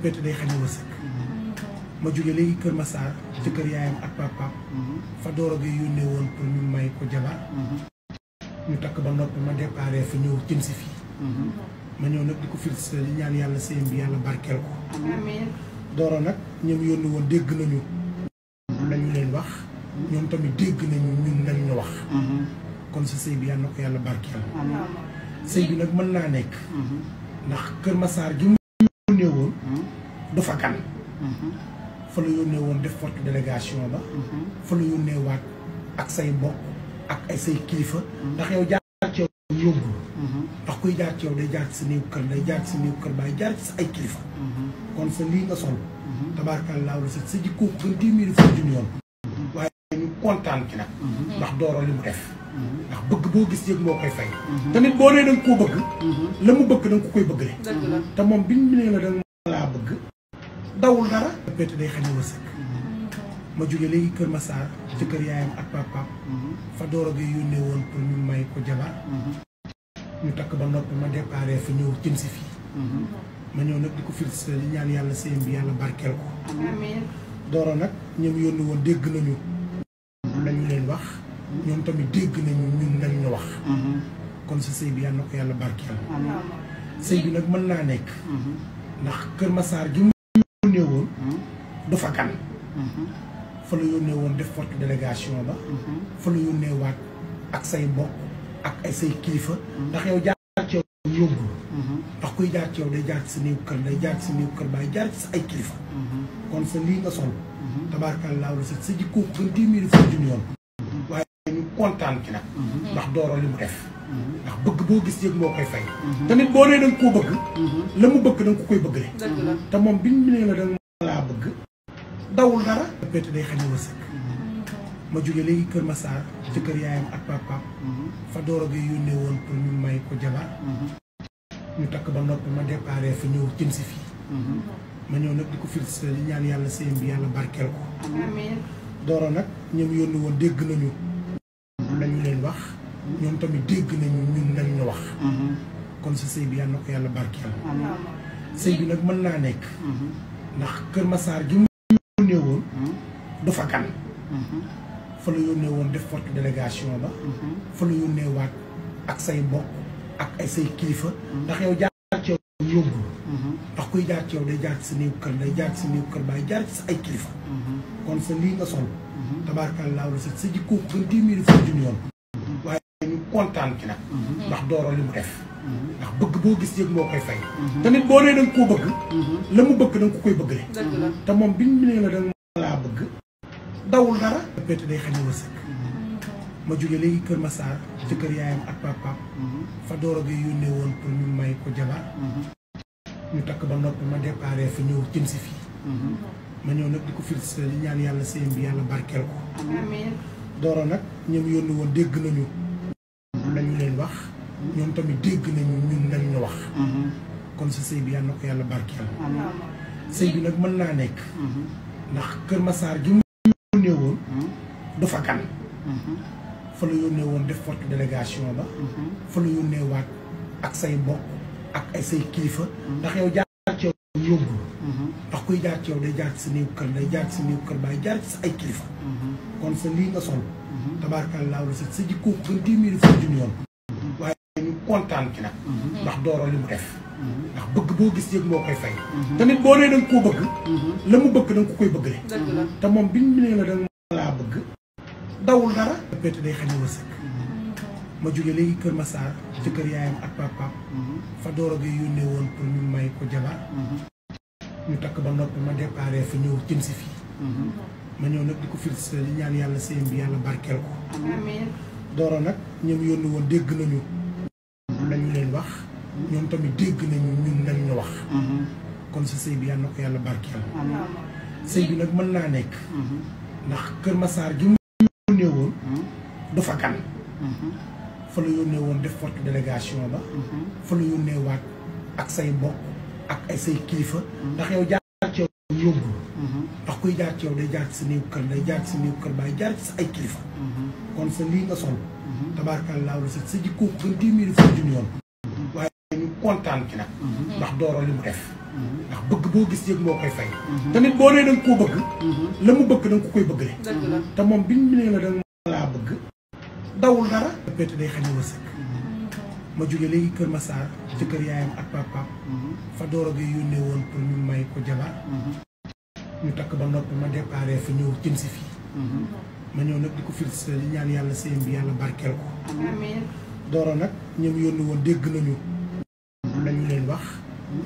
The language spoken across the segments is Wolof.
jàppee te day xañ a ma jóge léegi Kër Massar ci kër yaayam ak papaam fa Doro Gueye yónnee woon pour ñu may ko jabar ñu takk ba noppi ma déparé fi ñëw jëm si fii ma ñëw nag di ko félicité di ñaan yàlla sëyam bi yàlla barkeel ko Doro nag ñoom yónni woon dégg nañu lañu leen wax ñoom tamit dégg nañu ñu wax kon sa sëy bi yàlla nekk ndax Kër Massar gi yónnee woon. Hmm. du fa gan. Hmm. fa la yónnee woon def porte délégation ba. Hmm. fa la yónnee waat ak say mbokk ak ay say kilifa. ndax yow jaar ci yow yóbbu. ndax kuy jaar ci yow day jaar ci sa néew kër day jaar ci sa ay kilifa. kon sa lii nga sol. tabaarkallaaw la sa jikkooku gën téeméeri fukki junni waaye ñu kontaan ci nag. ndax dooro li mu def. ndax bëgg boo gis yëg moo koy fay. tamit boo nee da nga koo bëgg. la mu bëgg da koy bëgg la. te moom biñ mu nee la da nga laa bëgg. dawul dara. béykat day xañ a wërsëg. ma léegi Kër Massar. ci kër yaayam ak papaam. fa Doro gi yónnee woon pour ñu may ko jabar. ñu takk ba noppi ma déparé fa ñëw jëm si fii. ma ñëw nag di ko félicité di ñaan yàlla sëyam bi yàlla barkeel ko. amiin nag ñoom yónni woon dégg nañu. ñoom tamit dégg nañu ñun nañ ñu wax. Mhm. kon sa sëy bi yàlla na ko yàlla barkeel. sëy bi nag mën naa nekk. Mhm. ndax Kër Massar gi mu yónnee woon. Mhm. du fa gan. fa la yónnee woon def porte délégation ba. fa la yónnee waat ak say mbokk ak say kilifa. ndax yow jaar ci kuy jaar ci yow day jaar ci sa néew kër day jaar ci sa néew kër baay jaar ci sa ay kilifa. kon sa lii nga sol. tabaarkalla la sa sa jikkoo gën téeméeri fukki junni yoon. kontaan ci nag. Mhm. ndax dooro li mu def. Mhm. ndax bëgg boo gis yëg moo koy fay. tamit boo nee da koo bëgg. Mhm. la mu bëgg da ko koy bëgg le te moom biñ nee la da nga ma jóge léegi Kër Massar ci kër yaayam ak papaam. fa dooro gi yónnee may ko jabar. ñu takk ba noppi ma déparé fa ñëw jëm si fii. ma ñëw nag di ko félicité di ñaan yàlla sëyam bi yàlla barkeel ko. dooro nag ñoom yónni woon dégg nañu. ñoom tamit dégg nañu ñun nañ wax. Mhm. kon sa sëy bi yàlla na ko yàlla barkeel. sëy bi nag mën naa nekk. Mhm. ndax Kër Massar gi mu yónnee woon. Mhm. du fa gan. fa la yónnee woon def porte délégation ba. fa la yónnee waat ak say mbokk ak ay say kilifa. ndax yow jaar ci kuy jaar ci yow day jaar ci sa néew kër day jaar ci sa néew kër baay jaar ci sa ay kilifa. kon sa lii nga sol. tabaarkalla wala sa sa jikkooku gën téeméeri fukki junni yoon. ñu kontaan ci nag mhm. ndax dooro li mu def mhm. ndax bëgg boo gis yëg moo koy fay mhm. tamit boo nee danga koo bëgg la mu bëgg danga ko koy bëgg le te moom biñ mu nee la danga laa bëgg dawul dara ma jóge ci kër yaayam ak papaam fa woon pour ñu may ko jabar ñu takk ba noppi ma déparé fa ñëw jëm si fii ma ñëw nag di ko félicité di ñaan yàlla sëyam bi yàlla barkeel ko dooro nag ñoom yónni dégg nañu wax ñoom tamit dégg nañu ñun nañ ñu wax mhm. kon sa sëy bi yàlla na ko yàlla barkeel sëy bi nag mën naa nekk mhm. ndax Kër Massar gi mu yónnee woon mhm. du fa gan fa la yónnee woon def forte délégation ba fa la yónnee waat ak say mbokk ak ay say kilifa ndax yow jaar ci kuy jaar ci yow day jaar ci sa néew kër day jaar ci sa néew kër baay jaar ci sa ay kilifa kon sa lii nga sol tabaarkalla la sa sa jikkoo gën téeméeri fukki junni yoon kontaan ci nag. Mhm. ndax dooro li mu def. Mhm. ndax bëgg boo gis yëg moo koy fay. Mhm. tamit boo nee da koo bëgg. la mu bëgg da ko koy bëgg te moom bi nee la da nga laa bëgg. Kër Massar ci kër yaayam ak papaam. fa dooro gi yónnee may ko jabar. ñu takk ba noppi ma déparé fa ñëw jëm si fii. ma ñëw nag di ko félicité di ñaan yàlla sëyam bi yàlla barkeel ko. dooro nag ñoom yónni woon dégg nañu. tamit dégg nañu ñun nañ ñu wax. Mhm. kon sa sëy bi yàlla na ko yàlla barkeel. sëy bi nag mën naa nekk. Mhm. ndax Kër Massar gi mu yónnee woon. Mhm. du fa gan. fa la yónnee woon def porte délégation ba. fa la yónnee waat ak say mbokk ak ay say kilifa. ndax yow jaar ci yow yóbbu. ndax kuy jaar ci yow day jaar ci sa néew kër baay jaar ci sa ay kilifa. kon sa lii nga sol. tabaarkalla wala sa sa jikkooku gën téeméeri fukki junni yoon. kontaan ci nag. Mhm. ndax dooro li mu def. Mhm. ndax bëgg boo gis yëg moo koy fay. Mhm. tamit boo nee da koo bëgg. la mu bëgg da ko koy bëgg leen. te moom biñ mu nee la da nga laa bëgg. dawul dara. béykat day xañ wërsëg. ma jóge léegi Kër Massar. ci kër yaayam ak papaam. fa dooro gi yónnee woon pour ñu may ko jabar. ñu takk ba noppi ma déparé fa ñëw jëm si fii. ma ñëw nag di ko félicité di ñaan yàlla sëyam bi yàlla barkeel ko. dooro nag ñoom yónni woon dégg nañu.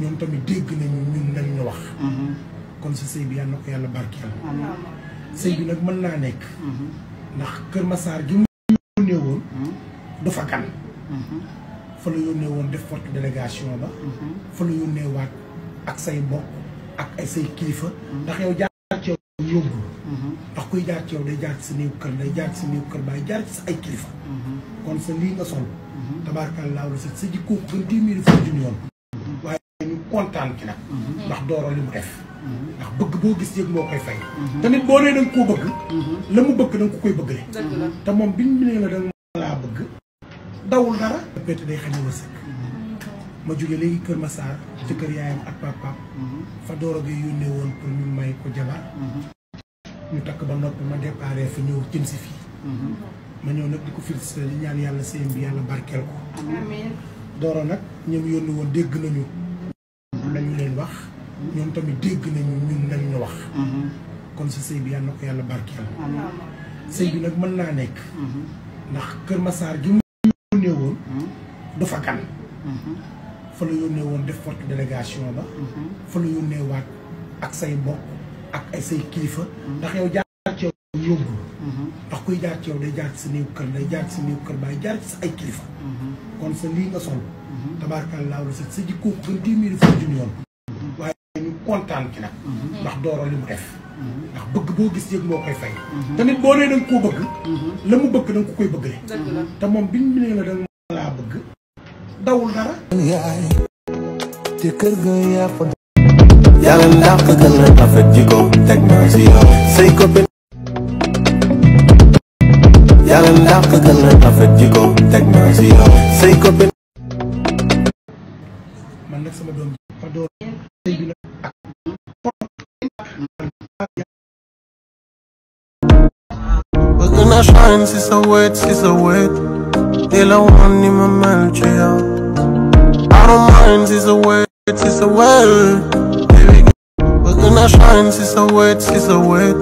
ñoom tamit dégg nañu ñun nañ ñu wax. Mhm. kon sa sëy bi yàlla na ko yàlla barkeel. sëy bi nag mën naa nekk. Mhm. ndax Kër Massar gi mu yónnee woon. Mhm. du fa gan. fa la yónnee woon def forte délégation ba. fa la yónnee waat ak say mbokk ak say kilifa. ndax yow jaar ci yow yóbbu. kuy jaar ci yow day jaar ci sa néew kër day jaar ci sa néew kër baay jaar ci sa ay kilifa. kon sa lii nga sol. tabaarkalla la sa sa jikkoo gën téeméeri fukki junni yoon. dañu kontaan ci nag mhm. ndax dooro li mu def mhm. ndax bëgg boo gis yëg moo koy fay mhm. tamit boo nee danga koo bëgg la mu bëgg danga ko koy bëgg le te moom biñ mu la ma jóge léegi Kër Massar ci kër yaayam ak papaam fa dooro woon pour ñu may ko jabar ñu takk ba nopp ma déparé fa ñëw jëm si fii ma ñëw nag di ko félicité di ñaan yàlla seen bi yàlla barkeel ko dooro nag ñoom yónni woon dégg nañu ñoom tamit dégg nañu ñun nañ ñu wax. Mhm. kon sa sëy bi yàlla na ko yàlla barkeel. sëy bi nag mën naa nekk. Mhm. ndax Kër Massar gi mu yónnee woon. Mhm. du fa gan. fa la yónnee woon def porte délégation ba. fa la yónnee waat ak say mbokk ak ay say kilifa. ndax yow jaar ci kuy jaar ci yow day jaar ci sa néew kër jaar ci sa néew kër baay jaar ci sa ay kilifa. kon sa lii nga sol. tabaarkalla wala sa sa jikkooku gën téeméeri fukki junni yoon. kontaan ci nag. Mhm. ndax dooro li mu def. Mhm. ndax bëgg boo gis yëg moo koy fay. Mhm. tamit boo nee da nga koo bëgg. la mu bëgg da nga ko koy bëgg leen. te moom biñ mu nee la da nga laa bëgg. dawul dara. te kër ga yaa ko. yàlla naa ko gën a rafet ji ko teg naa si yow. say copine. yàlla naa ko gën a rafet ji ko teg naa si yow. say copine. man nag sama doom bi ma doon. I shine, she's so wet, she's so wet Ila wani mamelche ya I don't mind, she's so wet, she's so wet Baby, but when I shine, she's so wet, she's so wet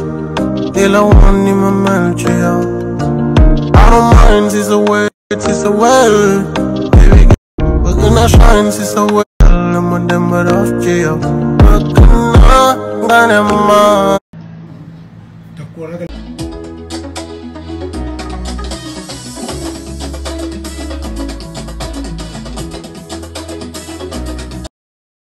Ila wani mamelche ya I don't mind, she's so wet, she's so wet Baby, but when I shine, she's so wet Lama demba rafche ya Makana, ganema Takura gana